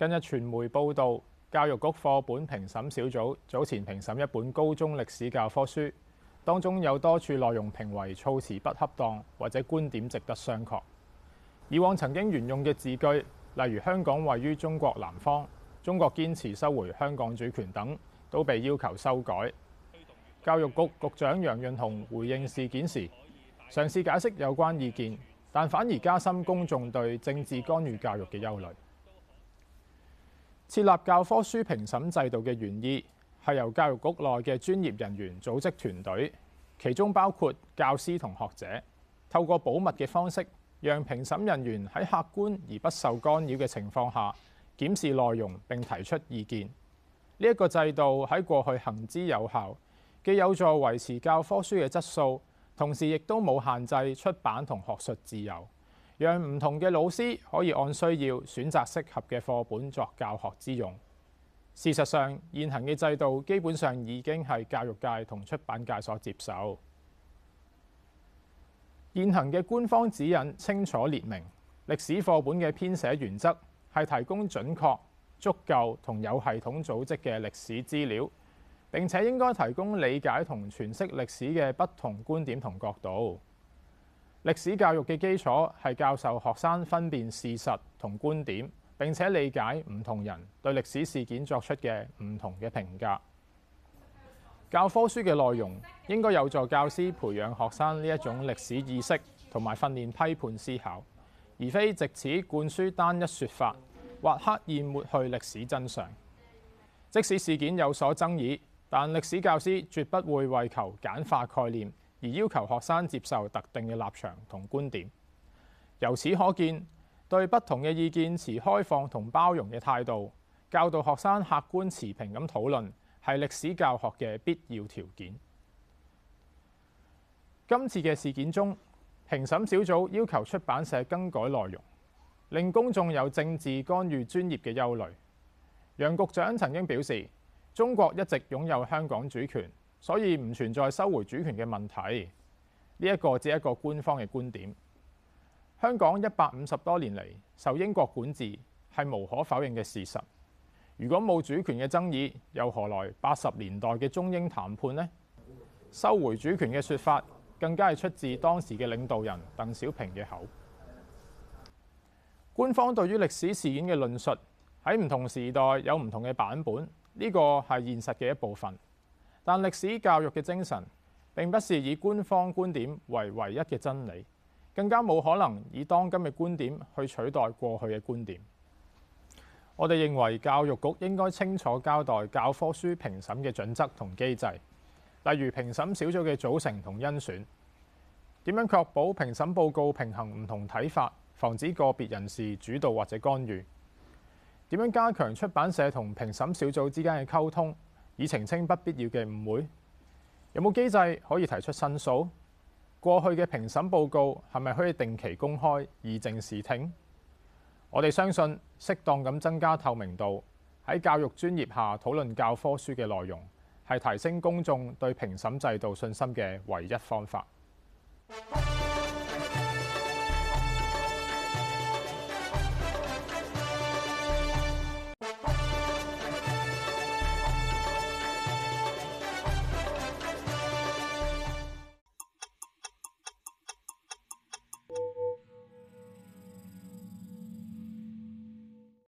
近日，傳媒報道，教育局課本評審小組早前評審一本高中歷史教科書，當中有多處內容評為措辭不恰當或者觀點值得商榷。以往曾經沿用嘅字句，例如香港位於中國南方、中國堅持收回香港主權等，都被要求修改。教育局局長楊潤雄回應事件時，嘗試解釋有關意見，但反而加深公眾對政治干預教育嘅憂慮。設立教科書評審制度嘅原意係由教育局內嘅專業人員組織團隊，其中包括教師同學者，透過保密嘅方式，讓評審人員喺客觀而不受干擾嘅情況下檢視內容並提出意見。呢一個制度喺過去行之有效，既有助維持教科書嘅質素，同時亦都冇限制出版同學術自由。讓唔同嘅老師可以按需要選擇適合嘅課本作教學之用。事實上，現行嘅制度基本上已經係教育界同出版界所接受。現行嘅官方指引清楚列明，歷史課本嘅編寫原則係提供準確、足夠同有系統組織嘅歷史資料，並且應該提供理解同詮釋歷史嘅不同觀點同角度。歷史教育嘅基礎係教授學生分辨事實同觀點，並且理解唔同人對歷史事件作出嘅唔同嘅評價。教科書嘅內容應該有助教師培養學生呢一種歷史意識同埋訓練批判思考，而非藉此灌輸單一說法或刻意抹去歷史真相。即使事件有所爭議，但歷史教師絕不會為求簡化概念，而要求學生接受特定嘅立場同觀點，由此可見，對不同嘅意見持開放同包容嘅態度，教導學生客觀持平咁討論，係歷史教學嘅必要條件。今次嘅事件中，評審小組要求出版社更改內容，令公眾有政治干預專業嘅憂慮。楊局長曾經表示，中國一直擁有香港主權。所以唔存在收回主權嘅問題，呢、這、一個只是一個官方嘅觀點。香港一百五十多年嚟受英國管治係無可否認嘅事實，如果冇主權嘅爭議又何來八十年代嘅中英談判呢？收回主權嘅說法更加係出自當時嘅領導人鄧小平嘅口。官方對於歷史事件嘅論述喺唔同時代有唔同嘅版本，呢、這個係現實嘅一部分。但歷史教育嘅精神並不是以官方觀點為唯一嘅真理，更加冇可能以當今嘅觀點去取代過去嘅觀點。我哋認為教育局應該清楚交代教科書評審嘅準則同機制，例如評審小組嘅組成同甄選，點樣確保評審報告平衡唔同睇法，防止個別人士主導或者干預，點樣加強出版社同評審小組之間嘅溝通。以澄清不必要嘅誤會，有冇機制可以提出申訴？過去嘅評審報告係咪可以定期公開以正視聽？我哋相信適當咁增加透明度，喺教育專業下討論教科書嘅內容，係提升公眾對評審制度信心嘅唯一方法。